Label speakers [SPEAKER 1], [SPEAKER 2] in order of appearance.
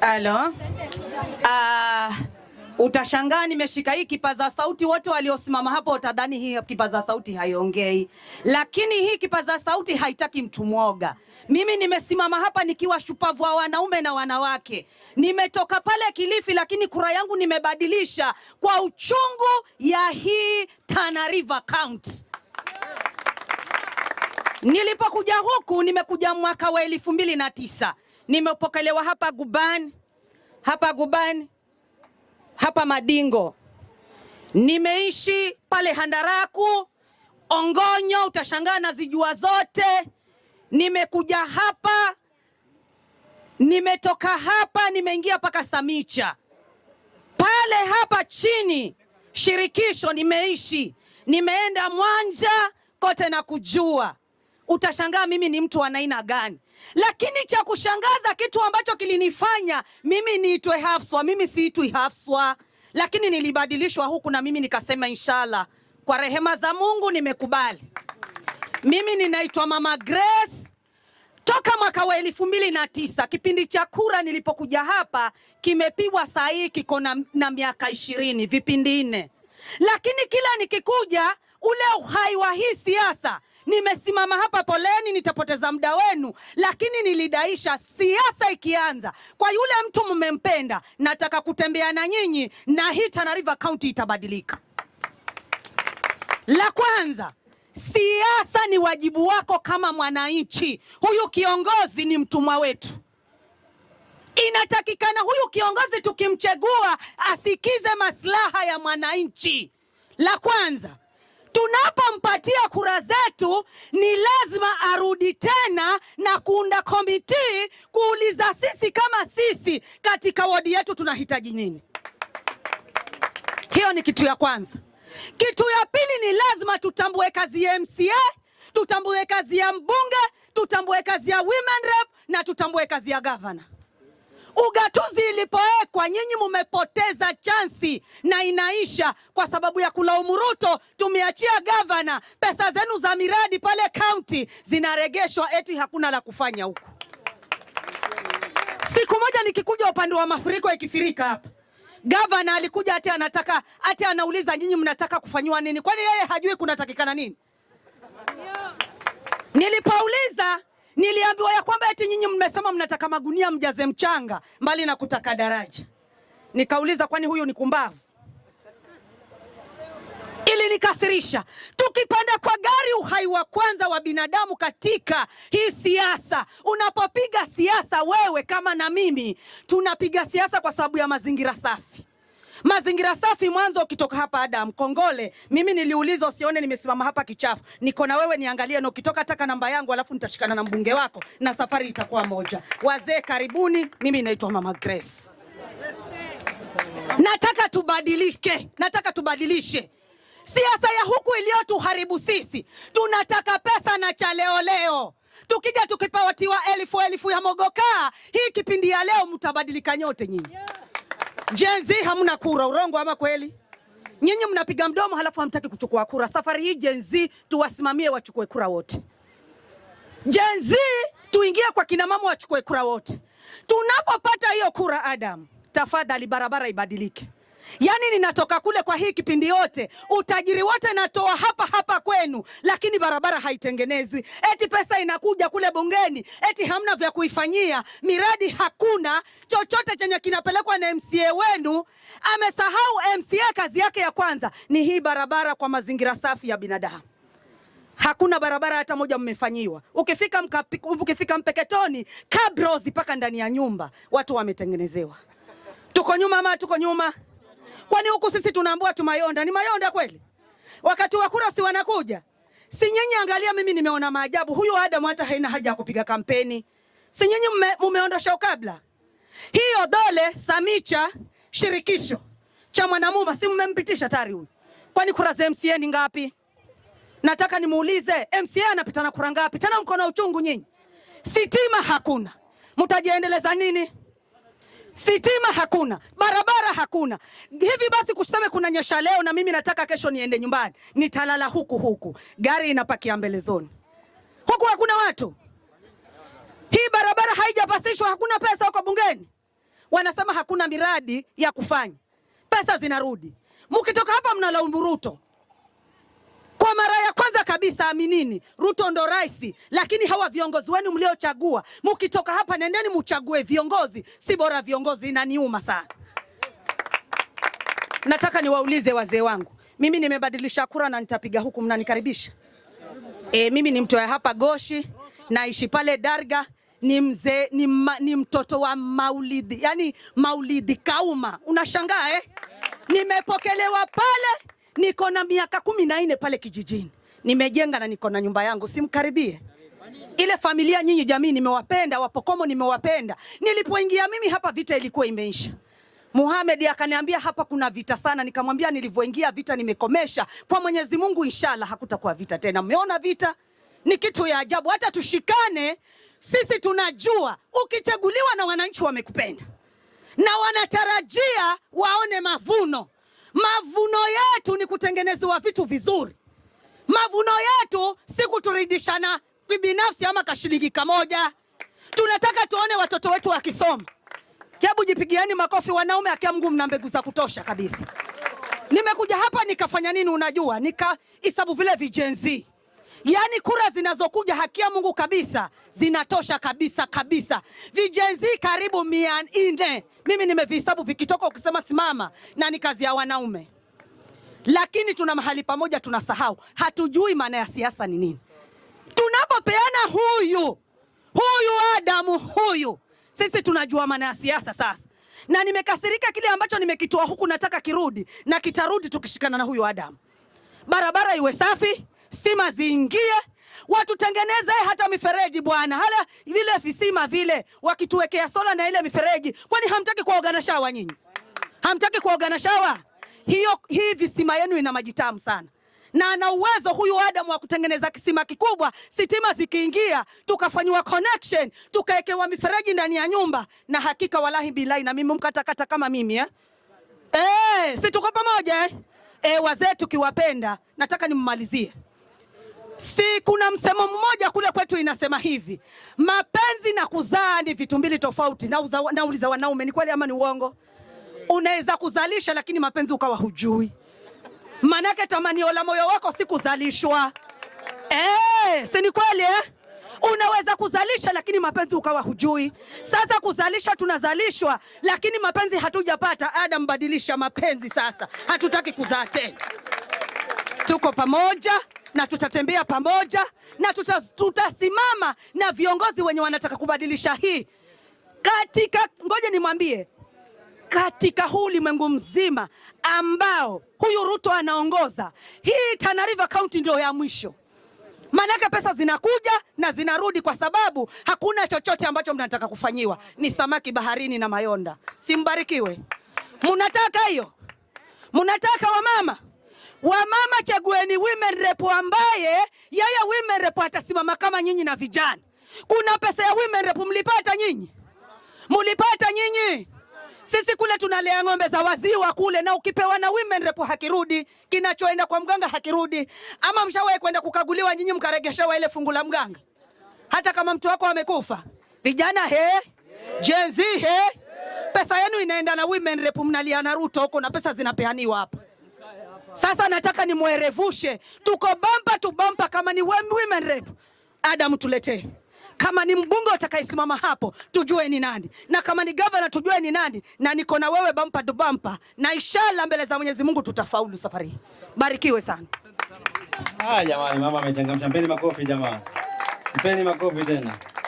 [SPEAKER 1] Halo. Uh, ah, utashangaa nimeshika hii kipaza sauti, wote waliosimama hapo utadhani hii kipaza sauti haiongei, lakini hii kipaza sauti haitaki mtu mwoga. Mimi nimesimama hapa nikiwa shupavu wa wanaume na wanawake, nimetoka pale Kilifi, lakini kura yangu nimebadilisha kwa uchungu ya hii Tana River County. Nilipokuja huku nimekuja mwaka wa elfu mbili na tisa Nimepokelewa hapa Gubani, hapa Gubani, hapa Madingo, nimeishi pale Handaraku, Ongonyo, utashangaa na zijua zote. Nimekuja hapa, nimetoka hapa, nimeingia mpaka Samicha pale hapa chini shirikisho nimeishi, nimeenda Mwanja kote na kujua utashangaa mimi ni mtu anaina gani. Lakini cha kushangaza, kitu ambacho kilinifanya mimi niitwe Hafswa, mimi siitwi Hafswa, lakini nilibadilishwa huku na mimi nikasema, inshallah kwa rehema za Mungu nimekubali. Mimi ninaitwa Mama Grace toka mwaka wa elfu mbili na tisa kipindi cha kura nilipokuja hapa, kimepigwa saa hii kiko na, na miaka ishirini vipindi nne, lakini kila nikikuja ule uhai wa hii siasa Nimesimama hapa, poleni, nitapoteza muda wenu, lakini nilidaisha siasa ikianza kwa yule mtu mmempenda. Nataka kutembea na nyinyi na hii Tana River County itabadilika. La kwanza siasa ni wajibu wako kama mwananchi. Huyu kiongozi ni mtumwa wetu, inatakikana huyu kiongozi tukimchagua asikize maslaha ya mwananchi. La kwanza tunapompatia kura zetu, ni lazima arudi tena na kuunda komiti kuuliza sisi kama sisi katika wodi yetu tunahitaji nini. Hiyo ni kitu ya kwanza. Kitu ya pili, ni lazima tutambue kazi ya MCA, tutambue kazi ya mbunge, tutambue kazi ya women rep na tutambue kazi ya governor. Ugatuzi ilipowekwa, nyinyi mumepoteza chansi na inaisha kwa sababu ya kulaumu Ruto. Tumeachia gavana, pesa zenu za miradi pale kaunti zinaregeshwa, eti hakuna la kufanya huku. Siku moja nikikuja upande wa mafuriko ikifirika hapa Gavana alikuja ati anataka ati anauliza nyinyi mnataka kufanyiwa nini? Kwani yeye hajui kunatakikana nini? Nilipouliza Niliambiwa ya kwamba eti nyinyi mmesema mnataka magunia mjaze mchanga mbali na kutaka daraja. Nikauliza, kwani huyu ni kumbavu? ili nikasirisha Tukipanda kwa gari, uhai wa kwanza wa binadamu katika hii siasa. Unapopiga siasa wewe kama na mimi, tunapiga siasa kwa sababu ya mazingira safi. Mazingira safi mwanzo ukitoka hapa Adam Kongole. Mimi niliuliza usione nimesimama hapa kichafu. Niko na wewe niangalie na ukitoka taka namba yangu alafu nitashikana na mbunge wako na safari itakuwa moja. Wazee karibuni, mimi naitwa Mama Grace. Nataka tubadilike. Nataka tubadilishe. Siasa ya huku iliyotuharibu sisi. Tunataka pesa na cha leo leo. Tukija tukipawatiwa elfu elfu ya mogoka, hii kipindi ya leo mtabadilika nyote nyinyi. Yeah. Gen Z hamna kura, urongo ama kweli? Nyinyi mnapiga mdomo halafu hamtaki kuchukua kura. Safari hii Gen Z tuwasimamie wachukue kura wote. Gen Z tuingie kwa kina mama wachukue kura wote. Tunapopata hiyo kura, Adam, tafadhali barabara ibadilike. Yaani ninatoka kule kwa hii kipindi yote, utajiri wote natoa hapa hapa kwenu, lakini barabara haitengenezwi. Eti pesa inakuja kule bungeni, eti hamna vya kuifanyia miradi, hakuna chochote chenye kinapelekwa na MCA wenu. Amesahau MCA kazi yake ya kwanza ni hii barabara kwa mazingira safi ya binadamu. Hakuna barabara hata moja mmefanyiwa. Ukifika mkapi, ukifika Mpeketoni kabrozi mpaka ndani ya nyumba watu wametengenezewa. Tuko nyuma ama tuko nyuma? Kwani huku sisi tunaambua tu mayonda, ni mayonda kweli? Wakati wa kura si wanakuja? Si nyinyi? Angalia, mimi nimeona maajabu. Huyu Adam hata haina haja ya kupiga kampeni. Si nyinyi mumeondosha kabla. Hiyo dole Samicha shirikisho cha Mwanamume, si mmempitisha tayari huyu? Kwani kura za MCA ni ngapi? Nataka nimuulize MCA anapita na kura ngapi? Tena mkono uchungu nyinyi, sitima hakuna, mtajiendeleza nini? Sitima hakuna, barabara hakuna. Hivi basi kuseme nyesha leo na mimi nataka kesho niende nyumbani, nitalala huku huku, gari inapakia zoni huku hakuna watu. Hii barabara haijapasishwa, hakuna pesa huko bungeni, wanasema hakuna miradi ya kufanya, pesa zinarudi. Mkitoka hapa mnalaumu Ruto. Kwa mara ya kwanza kabisa, aminini, Ruto ndo rais, lakini hawa viongozi wenu mliochagua, mkitoka hapa nendeni mchague viongozi, si bora viongozi. Inaniuma sana. Nataka niwaulize wazee wangu, mimi nimebadilisha kura na nitapiga huku, mnanikaribisha? E, mimi ni wa hapa Goshi, naishi pale Darga ni mzee ni, ma, ni mtoto wa Maulidi, yani Maulidi Kauma, unashangaa eh? Nimepokelewa pale Niko na miaka kumi na nne pale kijijini, nimejenga na niko na nyumba yangu, simkaribie ile familia. Nyinyi jamii, nimewapenda Wapokomo, nimewapenda. Nilipoingia mimi hapa, vita ilikuwa imeisha. Muhamed akaniambia hapa kuna vita sana, nikamwambia nilivyoingia vita nimekomesha kwa Mwenyezi Mungu, inshallah hakutakuwa vita tena. Mmeona vita ni kitu ya ajabu. Hata tushikane sisi, tunajua ukichaguliwa na wananchi wamekupenda na wanatarajia waone mavuno. Mavuno yetu ni kutengenezewa vitu vizuri. Mavuno yetu si kuturidishana binafsi ama kashilingi kamoja. Tunataka tuone watoto wetu wakisoma. Hebu jipigieni makofi wanaume, akia Mungu mna mbegu za kutosha kabisa. Nimekuja hapa nikafanya nini? Unajua, nikahesabu vile vijenzi Yaani kura zinazokuja haki ya Mungu kabisa zinatosha kabisa kabisa. Vijenzi karibu mia nne mimi nimevihesabu, vikitoka ukisema simama, na ni kazi ya wanaume, lakini tuna mahali pamoja tunasahau, hatujui maana ya siasa ni nini. Tunapopeana huyu huyu Adamu huyu, sisi tunajua maana ya siasa sasa, na nimekasirika kile ambacho nimekitoa huku, nataka kirudi na kitarudi tukishikana na huyu Adamu. Barabara iwe safi stima ziingie, watutengeneze hata mifereji bwana, hala vile visima vile, wakituwekea sola na ile mifereji. Kwani hamtaki kuoga na shawa nyinyi? Hamtaki kuoga na shawa? Hiyo hii visima yenu ina maji tamu sana na ana uwezo huyu Adam wa kutengeneza kisima kikubwa, sitima zikiingia, tukafanyiwa connection, tukaekewa mifereji ndani ya nyumba, na hakika walahi bilahi, na mimi mkatakata kama mimi eh? E, si tuko pamoja eh? E, wazee tukiwapenda, nataka nimmalizie. Si kuna msemo mmoja kule kwetu inasema hivi, mapenzi na kuzaa ni vitu mbili tofauti. Nauliza wanaume, ni kweli ama ni uongo? Unaweza kuzalisha lakini mapenzi ukawa hujui, manake tamanio la moyo wako si kuzalishwa. Eh, si ni kweli eh? Unaweza kuzalisha lakini mapenzi ukawa hujui. Sasa kuzalisha tunazalishwa, lakini mapenzi hatujapata. Adam, badilisha mapenzi sasa, hatutaki kuzaa tena tuko pamoja na tutatembea pamoja na tutasimama na viongozi wenye wanataka kubadilisha hii katika, ngoja nimwambie, katika huu ulimwengu mzima ambao huyu Ruto anaongoza, hii Tana River County ndio ya mwisho. Maanake pesa zinakuja na zinarudi, kwa sababu hakuna chochote ambacho mnataka kufanyiwa, ni samaki baharini na mayonda. Simbarikiwe. mnataka hiyo? Munataka wamama Wamama, chagueni women rep ambaye yeye women rep atasimama kama nyinyi na vijana. Kuna pesa ya women rep mlipata nyinyi? Mlipata nyinyi? Sisi kule tunalea ng'ombe za waziwa kule, na ukipewa na women rep hakirudi, kinachoenda kwa mganga hakirudi. Ama mshawahi kwenda kukaguliwa nyinyi mkaregeshewa ile fungu la mganga, hata kama mtu wako amekufa? Vijana he, Gen Z he, pesa yenu inaenda na women rep, mnalia na Ruto huko na pesa zinapeaniwa hapa. Sasa nataka nimwerevushe, tuko bampa tu bamba. Kama ni women rep, Adam tuletee. Kama ni mbunge utakayesimama hapo tujue ni nani, na kama ni gavana tujue ni nani, na niko na wewe bampa tu bamba, na inshallah mbele za Mwenyezi Mungu tutafaulu safari hii. Barikiwe sana. Ah, jamani, mama amechangamsha. Mpeni makofi jamani, mpeni makofi tena.